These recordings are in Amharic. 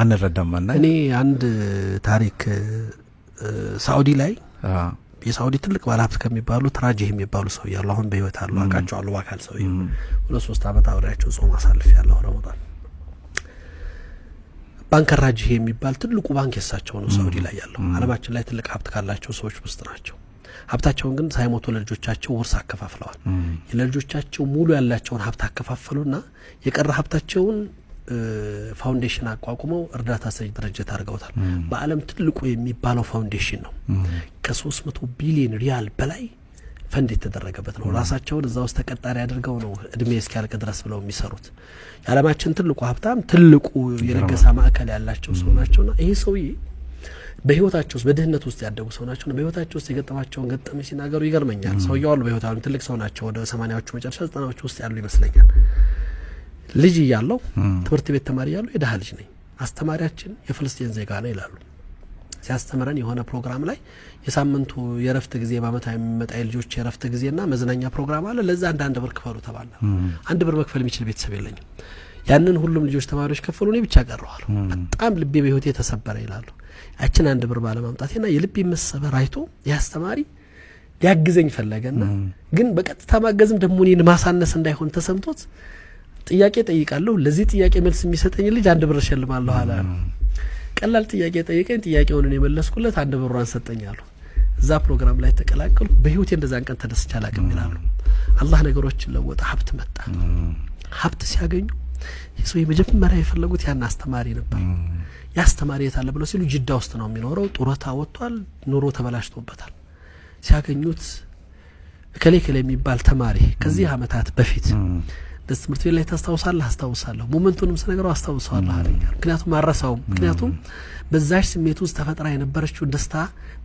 አንረዳም። እኔ አንድ ታሪክ ሳኡዲ ላይ የሳኡዲ ትልቅ ባለሀብት ከሚባሉ ትራጅህ የሚባሉ ሰው ያሉ አሁን በህይወት አሉ፣ አቃቸው አሉ በአካል ሰው ሁለት ሶስት አመት አብሬያቸው ጾም አሳልፍ ያለሁ ረመዳን። ባንክ ራጅህ የሚባል ትልቁ ባንክ የሳቸው ነው ሳኡዲ ላይ ያለው። አለማችን ላይ ትልቅ ሀብት ካላቸው ሰዎች ውስጥ ናቸው። ሀብታቸውን ግን ሳይሞቱ ለልጆቻቸው ውርስ አከፋፍለዋል። ለልጆቻቸው ሙሉ ያላቸውን ሀብት አከፋፈሉና የቀረ ሀብታቸውን ፋውንዴሽን አቋቁመው እርዳታ ሰጅ ድርጅት አድርገውታል። በዓለም ትልቁ የሚባለው ፋውንዴሽን ነው። ከ ከ300 ቢሊዮን ሪያል በላይ ፈንድ የተደረገበት ነው። ራሳቸውን እዛ ውስጥ ተቀጣሪ አድርገው ነው እድሜ እስኪያልቅ ድረስ ብለው የሚሰሩት። የዓለማችን ትልቁ ሀብታም ትልቁ የነገሳ ማዕከል ያላቸው ሰው ናቸውና ይህ ሰውዬ በህይወታቸው ውስጥ በድህነት ውስጥ ያደጉ ሰው ናቸው። በህይወታቸው ውስጥ የገጠማቸውን ገጠመኝ ሲናገሩ ይገርመኛል። ሰውየው አሉ በህይወት አሉ ትልቅ ሰው ናቸው። ወደ ሰማኒያዎቹ መጨረሻ ዘጠናዎቹ ውስጥ ያሉ ይመስለኛል። ልጅ እያለው ትምህርት ቤት ተማሪ ያለው የድሀ ልጅ ነኝ፣ አስተማሪያችን የፍልስጤን ዜጋ ነው ይላሉ። ሲያስተምረን የሆነ ፕሮግራም ላይ የሳምንቱ የረፍት ጊዜ በአመት የሚመጣ የልጆች የእረፍት ጊዜና መዝናኛ ፕሮግራም አለ። ለዛ አንድ አንድ ብር ክፈሉ ተባለ። አንድ ብር መክፈል የሚችል ቤተሰብ የለኝም። ያንን ሁሉም ልጆች ተማሪዎች ከፈሉ፣ እኔ ብቻ ቀረዋል። በጣም ልቤ በህይወቴ የተሰበረ ይላሉ። ያችን አንድ ብር ባለማምጣቴና የልቤ መሰበር አይቶ የአስተማሪ ሊያግዘኝ ፈለገና ግን በቀጥታ ማገዝም ደግሞ እኔን ማሳነስ እንዳይሆን ተሰምቶት ጥያቄ ጠይቃለሁ። ለዚህ ጥያቄ መልስ የሚሰጠኝ ልጅ አንድ ብር እሸልማለሁ አለ። ቀላል ጥያቄ ጠይቀኝ፣ ጥያቄውን የመለስኩለት አንድ ብሯን አሉ። እዛ ፕሮግራም ላይ ተቀላቀሉ። በህይወቴ እንደዛን ቀን ተደስቼ አላውቅም ይላሉ። አላህ ነገሮችን ለወጠ። ሀብት መጣ። ሀብት ሲያገኙ የሰው የመጀመሪያ የፈለጉት ያን አስተማሪ ነበር። የአስተማሪ የት አለ ብለው ሲሉ ጅዳ ውስጥ ነው የሚኖረው። ጡረታ ወጥቷል። ኑሮ ተበላሽቶበታል። ሲያገኙት እከሌ ከሌ የሚባል ተማሪ ከዚህ አመታት በፊት ደስ ትምህርት ቤት ላይ ታስታውሳለህ? አስታውሳለሁ። ሞመንቱንም ስነገረው አስታውሰዋለሁ አለኛ። ምክንያቱም አረሳውም። ምክንያቱም በዛች ስሜት ውስጥ ተፈጥራ የነበረችው ደስታ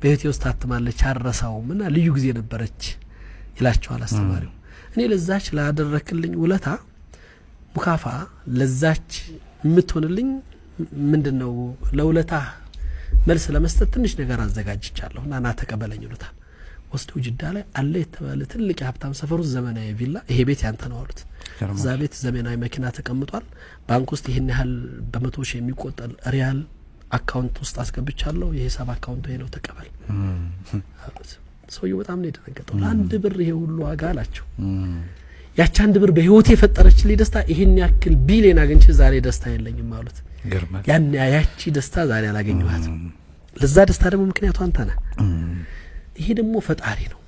በህይወቴ ውስጥ ታትማለች፣ አረሳውም እና ልዩ ጊዜ ነበረች ይላቸዋል አስተማሪው። እኔ ለዛች ላደረክልኝ ውለታ ሙካፋ ለዛች የምትሆንልኝ ምንድን ነው ለውለታ መልስ ለመስጠት ትንሽ ነገር አዘጋጅቻለሁ እና ና ተቀበለኝ ይሉታል። ወስደው ጅዳ ላይ አለ የተባለ ትልቅ የሀብታም ሰፈሩ ዘመናዊ ቪላ ይሄ ቤት ያንተ ነው አሉት። እዛ ቤት ዘመናዊ መኪና ተቀምጧል። ባንክ ውስጥ ይህን ያህል በመቶ ሺህ የሚቆጠር ሪያል አካውንት ውስጥ አስገብቻለሁ። የሂሳብ አካውንት ይሄ ነው ተቀበል አሉት። ሰውየው በጣም ነው የደነገጠው። ለአንድ ብር ይሄ ሁሉ ዋጋ አላቸው። ያቺ አንድ ብር በህይወት የፈጠረችልኝ ደስታ ይህን ያክል ቢሊዮን አግኝቼ ዛሬ ደስታ የለኝም አሉት። ያን ያቺ ደስታ ዛሬ አላገኘኋትም። ለዛ ደስታ ደግሞ ምክንያቱ አንተ ነህ። ይሄ ደግሞ ፈጣሪ ነው።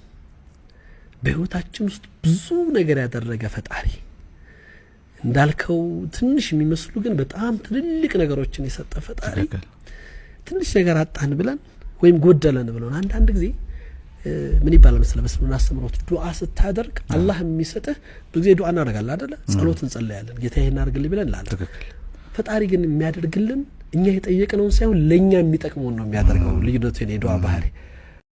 በህይወታችን ውስጥ ብዙ ነገር ያደረገ ፈጣሪ እንዳልከው ትንሽ የሚመስሉ ግን በጣም ትልልቅ ነገሮችን የሰጠ ፈጣሪ ትንሽ ነገር አጣን ብለን ወይም ጎደለን ብለን አንዳንድ ጊዜ ምን ይባላል መሰለህ፣ በስልምና አስተምሮት ዱዓ ስታደርግ አላህ የሚሰጥህ ብዙ ጊዜ ዱዓ እናደርጋለን አደለ? ጸሎት እንጸለያለን፣ ጌታ ይህን አድርግልኝ ብለን ላለን። ፈጣሪ ግን የሚያደርግልን እኛ የጠየቅነውን ሳይሆን ለእኛ የሚጠቅመውን ነው የሚያደርገው። ልዩነቱ የዱዓ ባህሪ